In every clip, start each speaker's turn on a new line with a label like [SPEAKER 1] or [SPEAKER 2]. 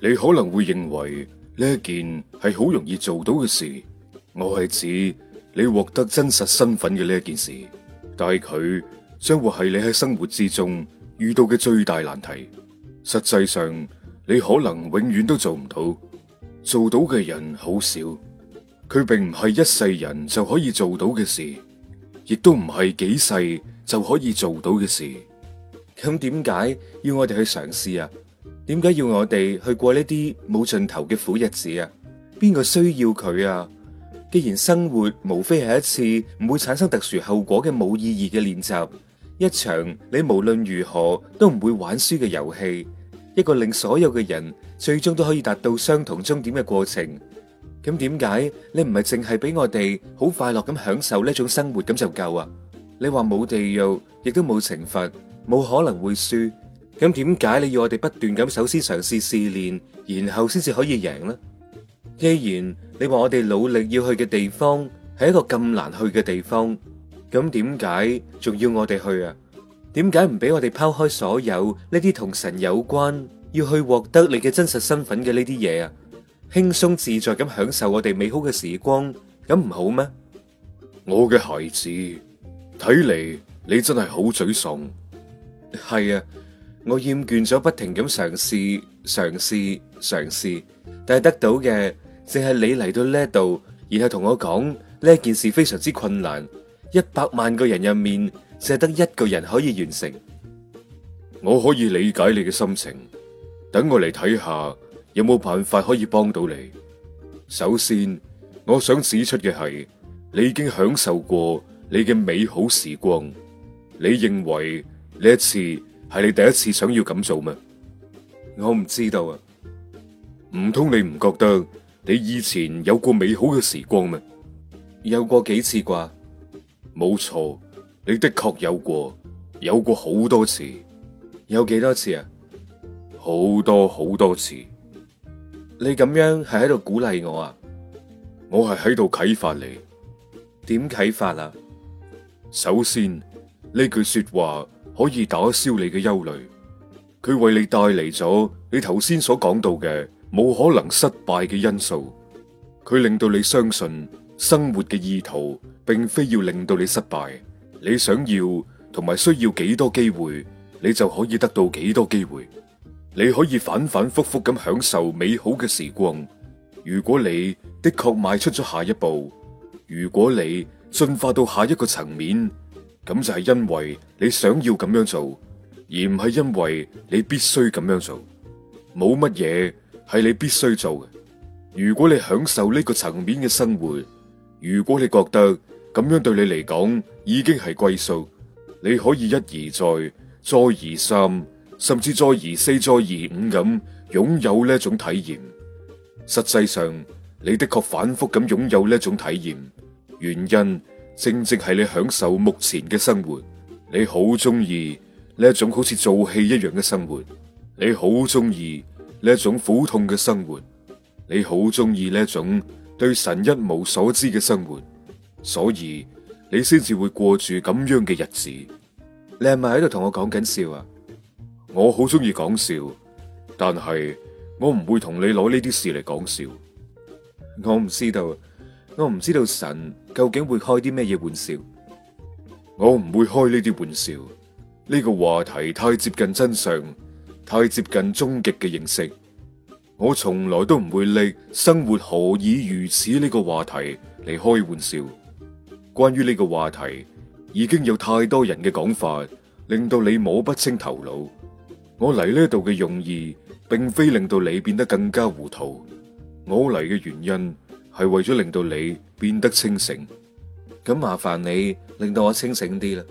[SPEAKER 1] 你可能會認為呢一件係好容易做到嘅事，我係指你獲得真實身份嘅呢一件事，但係佢將會係你喺生活之中遇到嘅最大難題。實際上，你可能永遠都做唔到，做到嘅人好少。佢並唔係一世人就可以做到嘅事，亦都唔係幾世就可以做到嘅事。咁點解要我哋去嘗試啊？點解要我哋去過呢啲冇盡頭嘅苦日子啊？邊個需要佢啊？既然生活無非係一次唔會產生特殊後果嘅冇意義嘅練習，一場你無論如何都唔會玩輸嘅遊戲，一個令所有嘅人最終都可以達到相同終點嘅過程，咁點解你唔係淨係俾我哋好快樂咁享受呢種生活咁就夠啊？你話冇地獄，亦都冇懲罰，冇可能會輸。咁點解你要我哋不斷咁？首先嘗試試練，然後先至可以贏呢？既然你話我哋努力要去嘅地方係一個咁難去嘅地方，咁點解仲要我哋去啊？點解唔俾我哋拋開所有呢啲同神有關，要去獲得你嘅真實身份嘅呢啲嘢啊？輕鬆自在咁享受我哋美好嘅時光，咁唔好咩？我嘅孩子，睇嚟你真係好沮喪，係啊。我厭倦咗不停咁嘗試、嘗試、嘗試，但係得到嘅淨係你嚟到呢度，然後同我講呢件事非常之困難，一百萬個人入面淨係得一個人可以完成。我可以理解你嘅心情，等我嚟睇下有冇辦法可以幫到你。首先，我想指出嘅係，你已經享受過你嘅美好時光，你認為呢一次？係你第一次想要咁做咩？我唔知道啊。唔通你唔覺得你以前有過美好嘅時光咩？有過幾次啩？冇錯，你的確有過，有過好多次。有幾多次啊？好多好多次。你咁樣係喺度鼓勵我啊？我係喺度啟發你。點啟發啊？首先，呢句說話。可以打消你嘅憂慮，佢為你帶嚟咗你頭先所講到嘅冇可能失敗嘅因素，佢令到你相信生活嘅意圖並非要令到你失敗，你想要同埋需要幾多機會，你就可以得到幾多機會，你可以反反复复咁享受美好嘅時光。如果你的確邁出咗下一步，如果你進化到下一個層面。咁就係因為你想要咁樣做，而唔係因為你必須咁樣做。冇乜嘢係你必須做嘅。如果你享受呢個層面嘅生活，如果你覺得咁樣對你嚟講已經係歸宿，你可以一而再，再而三，甚至再而四，再而五咁擁有呢一種體驗。實際上，你的確反復咁擁有呢一種體驗，原因，正正係你享受目前嘅生活，你好中意呢一種好似做戲一樣嘅生活，你好中意呢一種苦痛嘅生活，你好中意呢一種對神一無所知嘅生活，所以你先至會過住咁樣嘅日子。你係咪喺度同我講緊笑啊？我好中意講笑，但係我唔會同你攞呢啲事嚟講笑。我唔知道。我唔知道神究竟會開啲咩嘢玩笑，我唔會開呢啲玩笑。呢個話題太接近真相，太接近終極嘅認識。我從來都唔會拎生活何以如此呢個話題嚟開玩笑。關於呢個話題，已經有太多人嘅講法，令到你摸不清頭腦。我嚟呢度嘅用意，並非令到你變得更加糊塗。我嚟嘅原因。係為咗令到你變得清醒。咁麻煩你令到我清醒啲啦。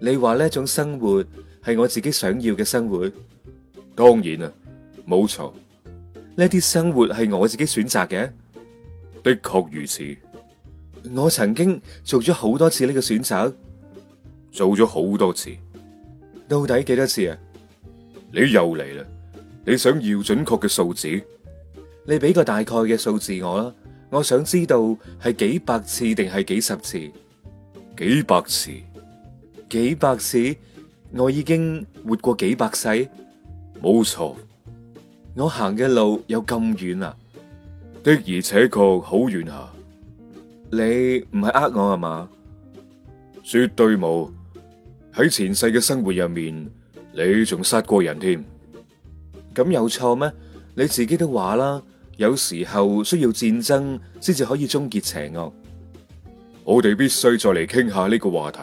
[SPEAKER 1] 你話呢一種生活係我自己想要嘅生活，當然啦，冇錯，呢啲生活係我自己選擇嘅，的確如此。我曾經做咗好多次呢個選擇，做咗好多次，到底幾多次啊？你又嚟啦。你想要準確嘅數字？你俾個大概嘅數字我啦。我想知道係幾百次定係幾十次？幾百次？幾百次？我已經活過幾百世？冇錯，我行嘅路有咁遠啊！的而且確好遠啊！你唔係呃我啊嘛？絕對冇！喺前世嘅生活入面，你仲殺過人添？咁有錯咩？你自己都話啦。有時候需要戰爭先至可以終結邪惡。我哋必須再嚟傾下呢個話題，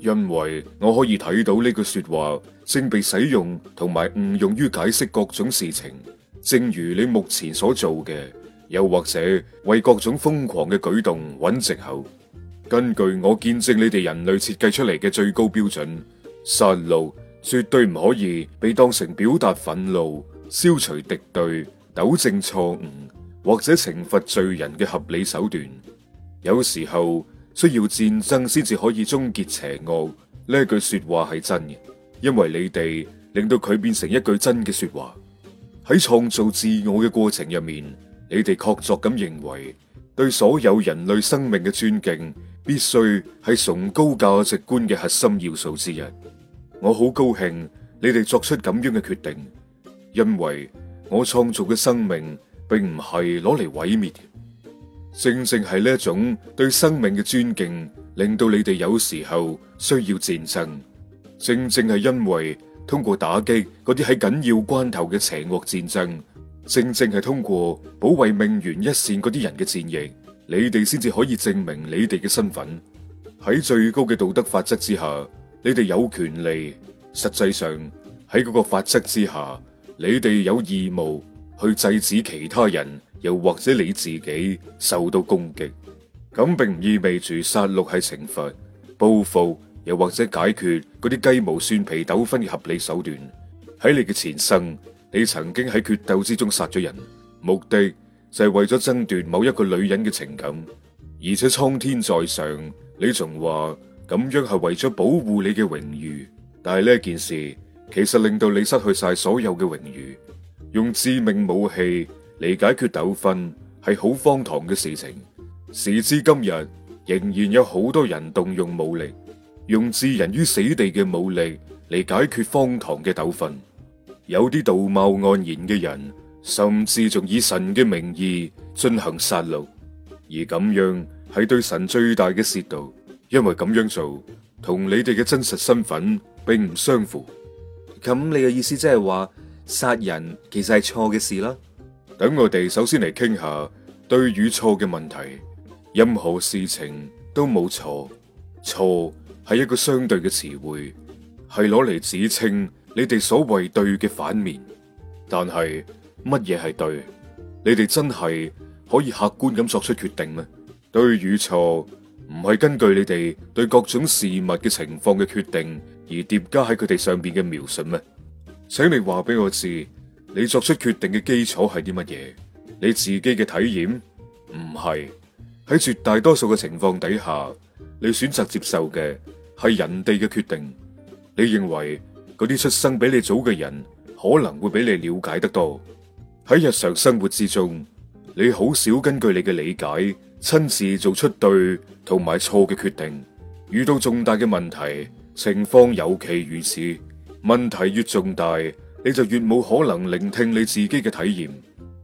[SPEAKER 1] 因為我可以睇到呢句說話正被使用，同埋誤用於解釋各種事情，正如你目前所做嘅，又或者為各種瘋狂嘅舉動揾藉口。根據我見證，你哋人類設計出嚟嘅最高標準殺戮，絕對唔可以被當成表達憤怒、消除敵對、糾正錯誤或者懲罰罪人嘅合理手段，有時候需要戰爭先至可以終結邪惡。呢句說話係真嘅，因為你哋令到佢變成一句真嘅說話。喺創造自我嘅過程入面，你哋確鑿咁認為，對所有人類生命嘅尊敬必須係崇高價值觀嘅核心要素之一。我好高興你哋作出咁樣嘅決定，因為，我創造嘅生命並唔係攞嚟毀滅，正正係呢一種對生命嘅尊敬，令到你哋有時候需要戰爭。正正係因為通過打擊嗰啲喺緊要關頭嘅邪惡戰爭，正正係通過保衛命懸一線嗰啲人嘅戰役，你哋先至可以證明你哋嘅身份。喺最高嘅道德法則之下，你哋有權利，實際上喺嗰個法則之下。你哋有義務去制止其他人，又或者你自己受到攻擊。咁並唔意味住殺戮係懲罰、報復，又或者解決嗰啲雞毛蒜皮糾紛嘅合理手段。喺你嘅前生，你曾經喺決鬥之中殺咗人，目的就係為咗爭奪某一個女人嘅情感，而且蒼天在上，你仲話咁樣係為咗保護你嘅榮譽，但係呢件事，其實令到你失去晒所有嘅榮譽，用致命武器嚟解決糾紛係好荒唐嘅事情。時至今日，仍然有好多人動用武力，用置人於死地嘅武力嚟解決荒唐嘅糾紛。有啲道貌岸然嘅人，甚至仲以神嘅名義進行殺戮，而咁樣係對神最大嘅褻瀆，因為咁樣做，同你哋嘅真實身份並唔相符。咁你嘅意思即係話殺人其實係錯嘅事啦？等我哋首先嚟傾下對與錯嘅問題。任何事情都冇錯，錯係一個相對嘅詞彙，係攞嚟指稱你哋所謂對嘅反面。但係乜嘢係對？你哋真係可以客觀咁作出決定咩？對與錯唔係根據你哋對各種事物嘅情況嘅決定，而疊加喺佢哋上邊嘅描述咩？請你話俾我知，你作出決定嘅基礎係啲乜嘢？你自己嘅體驗？唔係。喺絕大多數嘅情況底下，你選擇接受嘅係人哋嘅決定。你認為嗰啲出生比你早嘅人可能會比你了解得多。喺日常生活之中，你好少根據你嘅理解，親自做出對同埋錯嘅決定。遇到重大嘅問題，情況尤其如此，問題越重大，你就越冇可能聆聽你自己嘅體驗，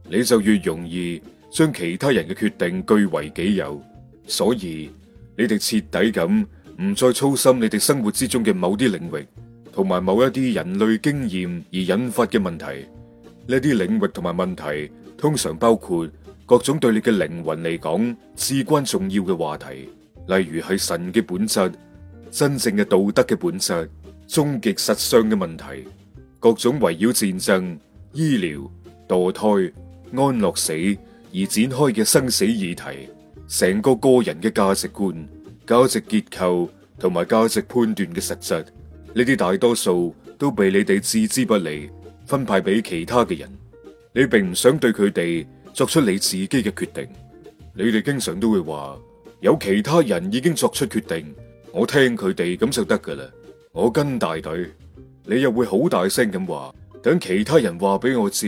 [SPEAKER 1] 你就越容易將其他人嘅決定據為己有。所以，你哋徹底咁唔再操心你哋生活之中嘅某啲領域，同埋某一啲人類經驗而引發嘅問題。呢啲領域同埋問題，通常包括各種對你嘅靈魂嚟講至關重要嘅話題，例如係神嘅本質。真正嘅道德嘅本質，終極實相嘅問題，各種圍繞戰爭、醫療、墮胎、安樂死而展開嘅生死議題，成個個人嘅價值觀、價值結構同埋價值判斷嘅實質，呢啲大多數都被你哋置之不理，分派俾其他嘅人。你並唔想對佢哋作出你自己嘅決定。你哋經常都會話有其他人已經作出決定。我聽佢哋咁就得噶啦，我跟大隊，你又會好大聲咁話，等其他人話俾我知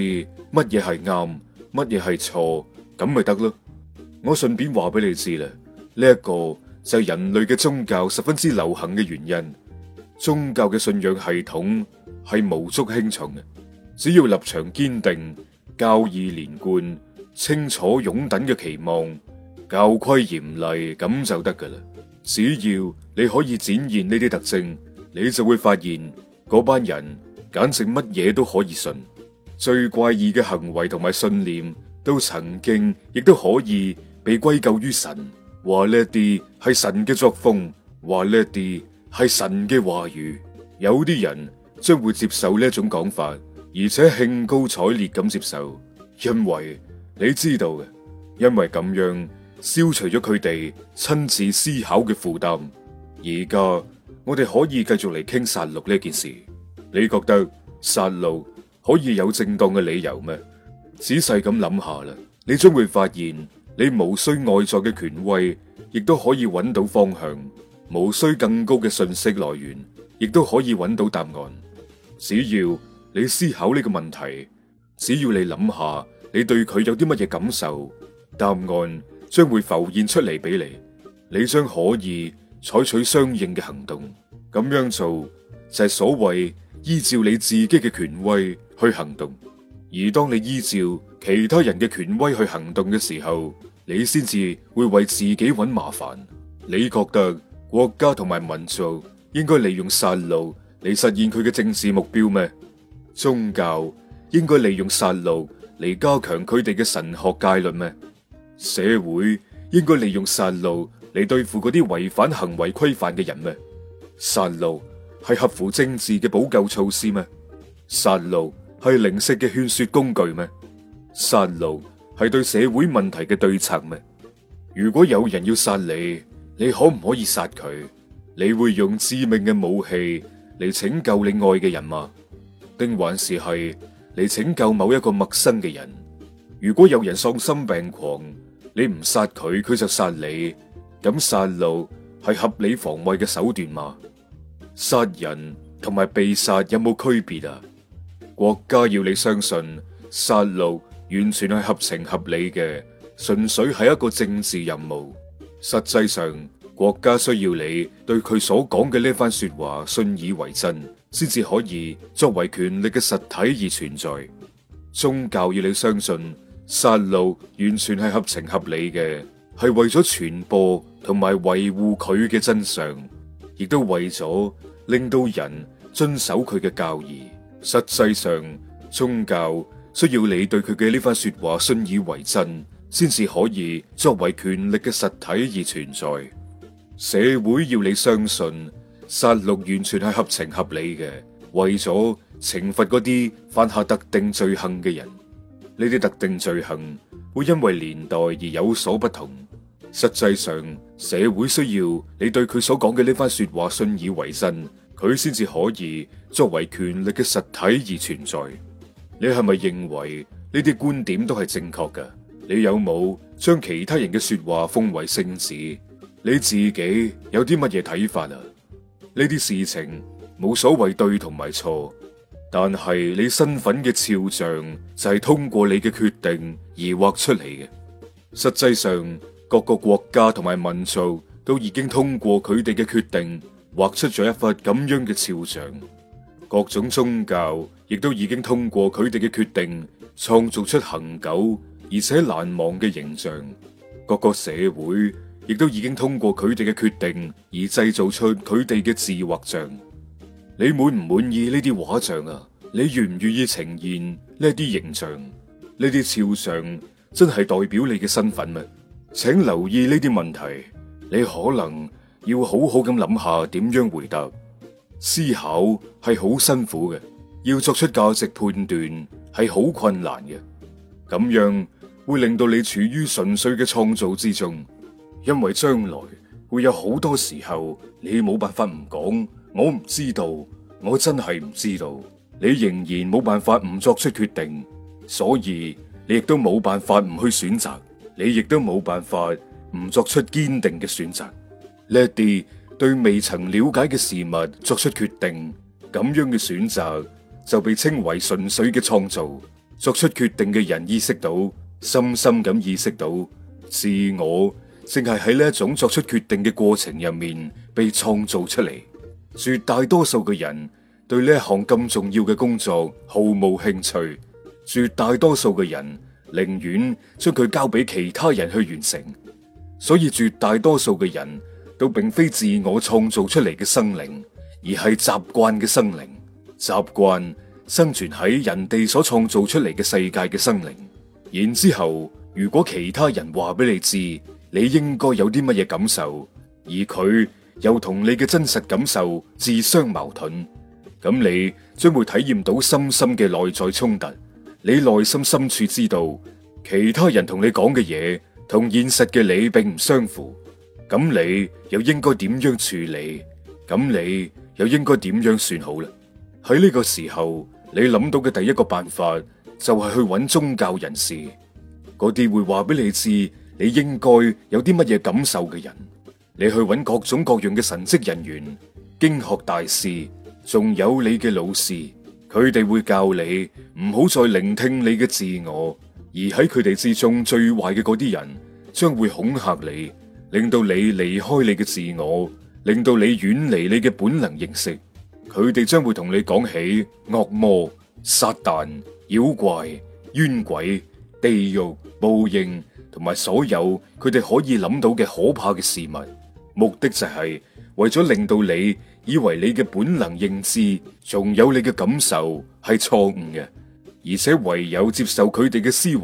[SPEAKER 1] 乜嘢係啱，乜嘢係錯，咁咪得咯。我順便話俾你知啦，呢一個就係人類嘅宗教十分之流行嘅原因。宗教嘅信仰系統係無足輕重嘅，只要立場堅定、教義連貫、清楚、勇等嘅期望、教規嚴厲，咁就得噶啦。只要你可以展現呢啲特徵，你就會發現嗰班人簡直乜嘢都可以信。最怪異嘅行為同埋信念，都曾經亦都可以被歸咎於神，話呢一啲係神嘅作風，話呢一啲係神嘅話語。有啲人將會接受呢種講法，而且興高采烈咁接受，因為你知道嘅，因為咁樣，消除咗佢哋親自思考嘅負擔，而家我哋可以繼續嚟傾殺戮呢件事。你覺得殺戮可以有正當嘅理由咩？仔細咁諗下啦，你將會發現你無需外在嘅權威，亦都可以揾到方向；無需更高嘅信息來源，亦都可以揾到答案。只要你思考呢個問題，只要你諗下你對佢有啲乜嘢感受，答案。將會浮現出嚟俾你，你將可以採取相應嘅行動。咁樣做就係、是、所謂依照你自己嘅權威去行動。而當你依照其他人嘅權威去行動嘅時候，你先至會為自己搵麻煩。你覺得國家同埋民族應該利用殺戮嚟實現佢嘅政治目標咩？宗教應該利用殺戮嚟加強佢哋嘅神學戒律咩？社會應該利用殺戮嚟對付嗰啲違反行為規範嘅人咩？殺戮係合乎政治嘅補救措施咩？殺戮係靈式嘅勸說工具咩？殺戮係對社會問題嘅對策咩？如果有人要殺你，你可唔可以殺佢？你會用致命嘅武器嚟拯救你愛嘅人嗎？定還是係嚟拯救某一個陌生嘅人？如果有人喪心病狂？你唔殺佢，佢就殺你。咁殺戮係合理防衛嘅手段嘛？殺人同埋被殺有冇區別啊？國家要你相信，殺戮完全係合情合理嘅，純粹係一個政治任務。實際上，國家需要你對佢所講嘅呢番說話信以為真，先至可以作為權力嘅實體而存在。宗教要你相信。殺戮完全係合情合理嘅，係為咗傳播同埋維護佢嘅真相，亦都為咗令到人遵守佢嘅教義。實際上，宗教需要你對佢嘅呢番說話信以為真，先至可以作為權力嘅實體而存在。社會要你相信，殺戮完全係合情合理嘅，為咗懲罰嗰啲犯下特定罪行嘅人。呢啲特定罪行會因為年代而有所不同。實際上，社會需要你對佢所講嘅呢番說話信以為真，佢先至可以作為權力嘅實體而存在。你係咪認為呢啲觀點都係正確噶？你有冇將其他人嘅說話奉為聖旨？你自己有啲乜嘢睇法啊？呢啲事情冇所謂對同埋錯。但係你身份嘅肖像就係通過你嘅決定而畫出嚟嘅。實際上，各個國家同埋民族都已經通過佢哋嘅決定畫出咗一幅咁樣嘅肖像。各種宗教亦都已經通過佢哋嘅決定創造出恆久而且難忘嘅形象。各個社會亦都已經通過佢哋嘅決定而製造出佢哋嘅自畫像。你滿唔滿意呢啲畫像啊？你願唔願意呈現呢啲形象？呢啲肖像真係代表你嘅身份咩？請留意呢啲問題，你可能要好好咁諗下點樣回答。思考係好辛苦嘅，要作出價值判斷係好困難嘅。咁樣會令到你處於純粹嘅創造之中，因為將來會有好多時候你冇辦法唔講。我唔知道，我真係唔知道。你仍然冇辦法唔作出決定，所以你亦都冇辦法唔去選擇，你亦都冇辦法唔作出堅定嘅選擇。呢一啲對未曾了解嘅事物作出決定，咁樣嘅選擇就被稱為純粹嘅創造。作出決定嘅人意識到，深深咁意識到，自我正係喺呢一種作出決定嘅過程入面被創造出嚟。絕大多數嘅人對呢一項咁重要嘅工作毫無興趣，絕大多數嘅人寧願將佢交俾其他人去完成，所以絕大多數嘅人都並非自我創造出嚟嘅生靈，而係習慣嘅生靈，習慣生存喺人哋所創造出嚟嘅世界嘅生靈。然之後，如果其他人話俾你知，你應該有啲乜嘢感受，而佢又同你嘅真實感受自相矛盾，咁你將會體驗到深深嘅內在衝突。你內心深處知道，其他人同你講嘅嘢同現實嘅你並唔相符，咁你又應該點樣處理？咁你又應該點樣算好呢？喺呢個時候，你諗到嘅第一個辦法就係去揾宗教人士，嗰啲會話俾你知你應該有啲乜嘢感受嘅人。你去揾各種各樣嘅神職人員、經學大師，仲有你嘅老師，佢哋會教你唔好再聆聽你嘅自我，而喺佢哋之中最壞嘅嗰啲人，將會恐嚇你，令到你離開你嘅自我，令到你遠離你嘅本能認識。佢哋將會同你講起惡魔、撒旦、妖怪、冤鬼、地獄、報應，同埋所有佢哋可以諗到嘅可怕嘅事物。目的就係、是、為咗令到你以為你嘅本能認知，仲有你嘅感受係錯誤嘅，而且唯有接受佢哋嘅思維、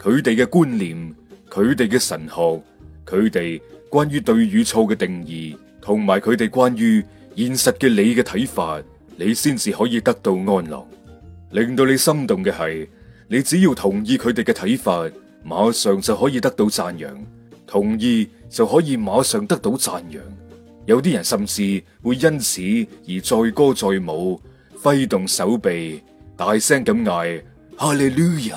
[SPEAKER 1] 佢哋嘅觀念、佢哋嘅神學、佢哋關於對與錯嘅定義，同埋佢哋關於現實嘅你嘅睇法，你先至可以得到安樂。令到你心動嘅係，你只要同意佢哋嘅睇法，馬上就可以得到讚揚。同意就可以馬上得到讚揚，有啲人甚至會因此而載歌載舞，揮動手臂，大聲咁嗌，哈利路亞。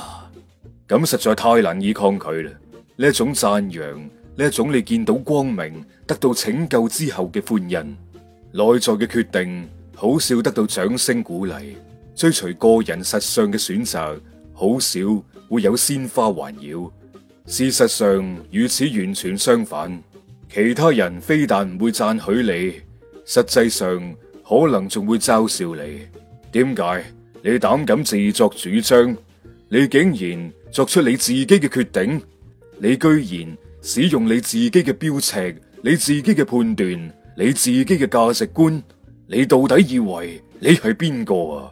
[SPEAKER 1] 咁實在太難以抗拒啦！呢種讚揚，呢種你見到光明、得到拯救之後嘅歡欣，內在嘅決定好少得到掌聲鼓勵，追隨個人實相嘅選擇好少會有鮮花環繞。事實上，與此完全相反。其他人非但唔會讚許你，實際上可能仲會嘲笑你。點解你膽敢自作主張？你竟然作出你自己嘅決定，你居然使用你自己嘅標尺、你自己嘅判斷、你自己嘅價值觀。你到底以為你係邊個啊？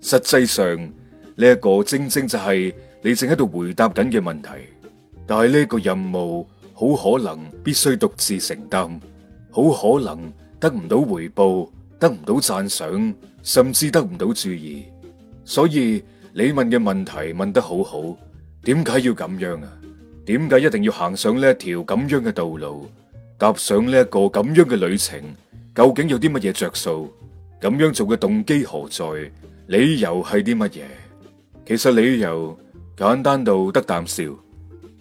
[SPEAKER 1] 實際上呢一個正正就係你正喺度回答緊嘅問題。但係呢個任務好可能必須獨自承擔，好可能得唔到回報，得唔到讚賞，甚至得唔到注意。所以你問嘅問題問得好好，點解要咁樣啊？點解一定要行上呢一條咁樣嘅道路，踏上呢一個咁樣嘅旅程？究竟有啲乜嘢着數？咁樣做嘅動機何在？理由係啲乜嘢？其實理由簡單到得啖笑。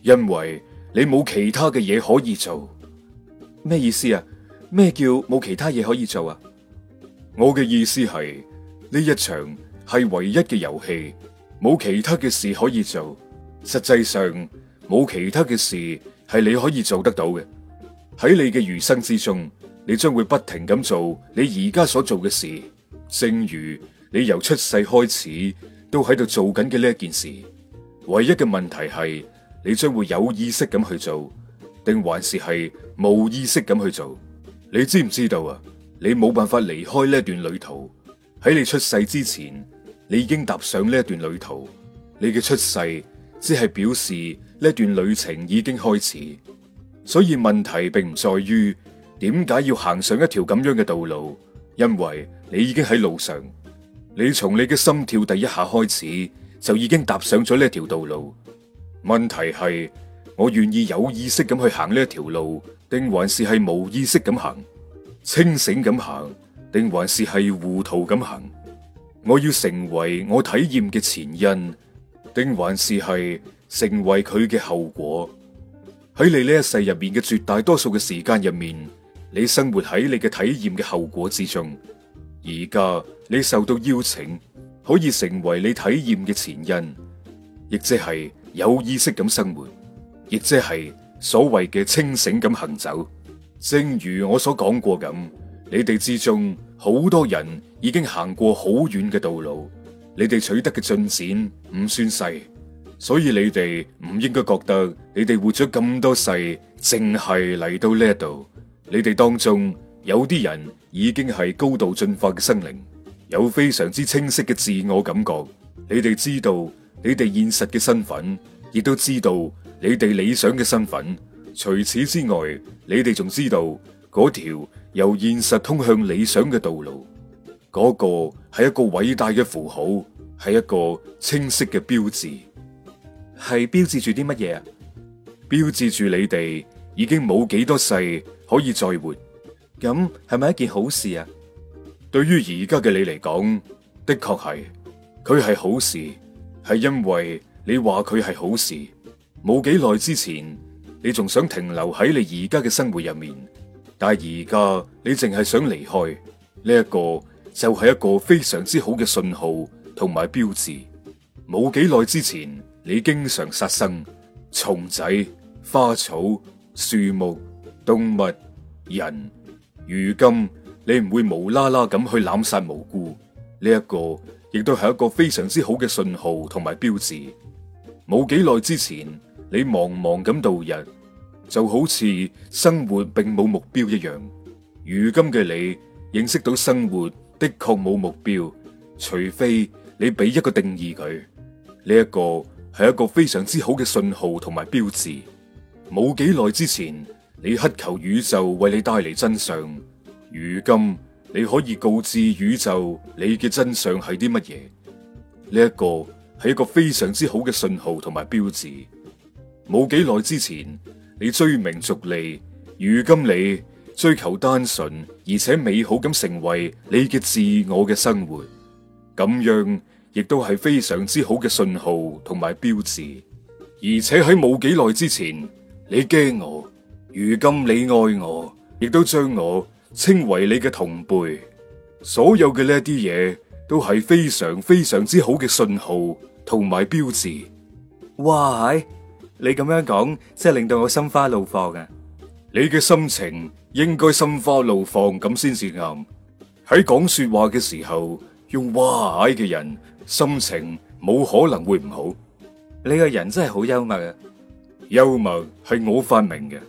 [SPEAKER 1] 因為你冇其他嘅嘢，可以做，咩意思啊？咩叫冇其他嘢可以做啊？我嘅意思係呢一場係唯一嘅遊戲，冇其他嘅事可以做。實際上冇其他嘅事係你可以做得到嘅。喺你嘅餘生之中，你將會不停咁做你而家所做嘅事，正如你由出世開始都喺度做緊嘅呢一件事。唯一嘅問題係。你將會有意識咁去做，定還是係冇意識咁去做？你知唔知道啊？你冇辦法離開呢段旅途。喺你出世之前，你已經踏上呢段旅途。你嘅出世只係表示呢段旅程已經開始。所以問題並唔在於點解要行上一條咁樣嘅道路，因為你已經喺路上。你從你嘅心跳第一下開始，就已經踏上咗呢一條道路。問題係，我願意有意識咁去行呢一條路，定還是係冇意識咁行？清醒咁行，定還是係糊塗咁行？我要成為我體驗嘅前因，定還是係成為佢嘅後果？喺你呢一世入面嘅絕大多數嘅時間入面，你生活喺你嘅體驗嘅後果之中。而家你受到邀請，可以成為你體驗嘅前因，亦即係。有意識咁生活，亦即係所謂嘅清醒咁行走、走。正如我所講過咁，你哋之中好多人已經行過好遠嘅道路，你哋取得嘅進展唔算細，所以你哋唔應該覺得你哋活咗咁多世，淨係嚟到呢一度。你哋當中有啲人已經係高度進化嘅生靈，有非常之清晰嘅自我感覺，你哋知道。你哋現實嘅身份，亦都知道你哋理想嘅身份。除此之外，你哋仲知道嗰條由現實通向理想嘅道路。嗰個係一個偉大嘅符號，係一個清晰嘅標誌，係標誌住啲乜嘢啊？標誌住你哋已經冇幾多世可以再活，咁係咪一件好事啊？對於而家嘅你嚟講，的確係，佢係好事。係因為你話佢係好事，冇幾耐之前你仲想停留喺你而家嘅生活入面，但係而家你淨係想離開呢一個，就係一個非常之好嘅信號同埋標誌。冇幾耐之前你經常殺生，蟲仔、花草、樹木、動物、人，如今你唔會無啦啦咁去濫殺無辜，呢一個。亦都係一個非常之好嘅信號同埋標誌。冇幾耐之前，你茫茫咁度日，就好似生活並冇目標一樣。如今嘅你，認識到生活的確冇目標，除非你俾一個定義佢。呢一個係一個非常之好嘅信號同埋標誌。冇幾耐之前，你乞求宇宙為你帶嚟真相，如今，你可以告知宇宙你嘅真相係啲乜嘢？呢一個係一個非常之好嘅信號同埋標誌。冇幾耐之前，你追名逐利，如今你追求單純而且美好咁成為你嘅自我嘅生活，咁樣亦都係非常之好嘅信號同埋標誌。而且喺冇幾耐之前你驚我，如今你愛我，亦都將我。稱為你嘅同輩，所有嘅呢一啲嘢都係非常非常之好嘅信號同埋標誌。哇，你咁樣講真係令到我心花怒放啊！你嘅心情應該心花怒放咁先至啱。喺講說話嘅時候用哇嘅人，心情冇可能會唔好。你個人真係好幽默嘅。啊，幽默係我發明嘅。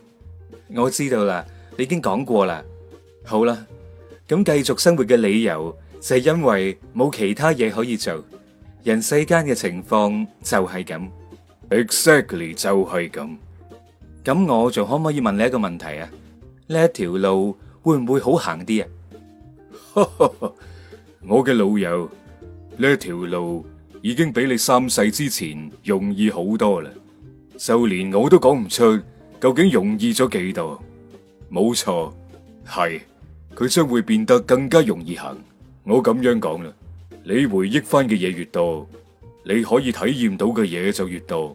[SPEAKER 1] 我知道啦，你已經講過啦。好啦，咁繼續生活嘅理由就係因為冇其他嘢可以做，人世間嘅情況就係咁，exactly 就係咁。咁我仲可唔可以問你一個問題啊？呢一條路會唔會好行啲啊？ 我嘅老友，呢條路已經比你三世之前容易好多啦，就連我都講唔出究竟容易咗幾多。冇錯，係。佢將會變得更加容易行。我咁樣講啦，你回憶翻嘅嘢越多，你可以體驗到嘅嘢就越多，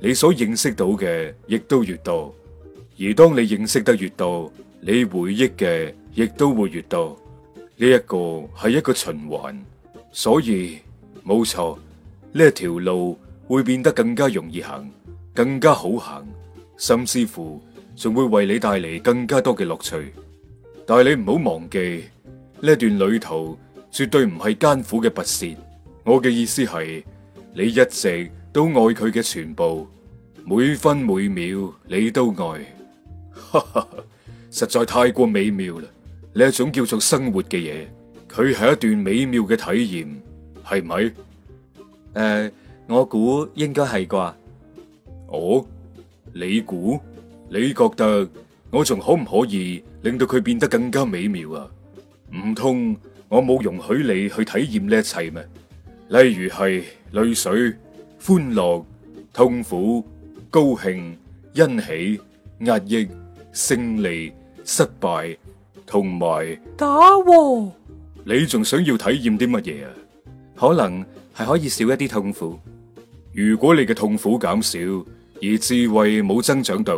[SPEAKER 1] 你所認識到嘅亦都越多。而當你認識得越多，你回憶嘅亦都會越多。呢一個係一個循環，所以冇錯，呢條路會變得更加容易行，更加好行，甚至乎仲會為你帶嚟更加多嘅樂趣。但係你唔好忘記，呢段旅途絕對唔係艱苦嘅跋涉。我嘅意思係你一直都愛佢嘅全部，每分每秒你都愛，哈哈，實在太過美妙啦！呢一種叫做生活嘅嘢，佢係一段美妙嘅體驗，係咪？誒、呃，我估應該係啩？哦？你估？你覺得我仲可唔可以？令到佢變得更加美妙啊！唔通我冇容許你去體驗呢一切咩？例如係淚水、歡樂、痛苦、高興、欣喜、壓抑、勝利、失敗，同埋打和。你仲想要體驗啲乜嘢啊？可能係可以少一啲痛苦。如果你嘅痛苦減少而智慧冇增長到，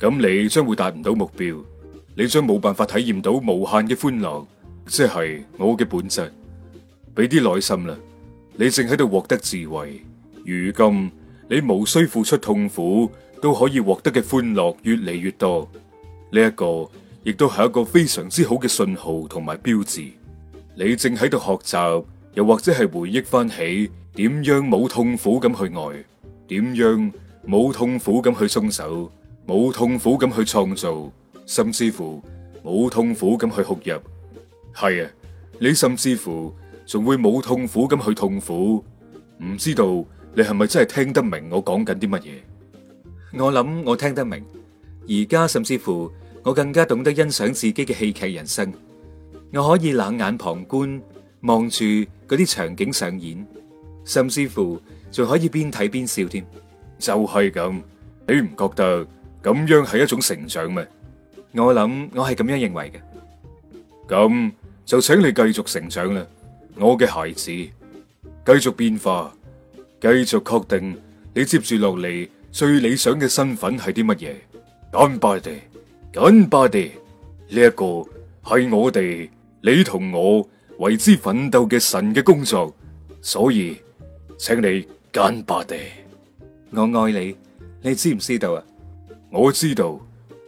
[SPEAKER 1] 咁你將會達唔到目標。你將冇辦法體驗到無限嘅歡樂，即係我嘅本質。俾啲耐心啦，你正喺度獲得智慧。如今你無需付出痛苦，都可以獲得嘅歡樂越嚟越多。呢一個亦都係一個非常之好嘅信號同埋標誌。你正喺度學習，又或者係回憶翻起點樣冇痛苦咁去愛，點樣冇痛苦咁去鬆手，冇痛苦咁去創造。甚至乎冇痛苦咁去哭泣，係啊。你甚至乎仲會冇痛苦咁去痛苦，唔知道你係咪真係聽得明我講緊啲乜嘢？我諗我聽得明。而家甚至乎我更加懂得欣賞自己嘅戲劇人生。我可以冷眼旁觀，望住嗰啲場景上演，甚至乎仲可以邊睇邊笑添。就係咁，你唔覺得咁樣係一種成長咩？我諗我係咁樣認為嘅。咁就請你繼續成長啦，我嘅孩子，繼續變化，繼續確定你接住落嚟最理想嘅身份係啲乜嘢？甘巴地，甘巴地，呢一個係我哋你同我為之奮鬥嘅神嘅工作，所以請你甘巴地，我愛你，你知唔知道啊？我知道。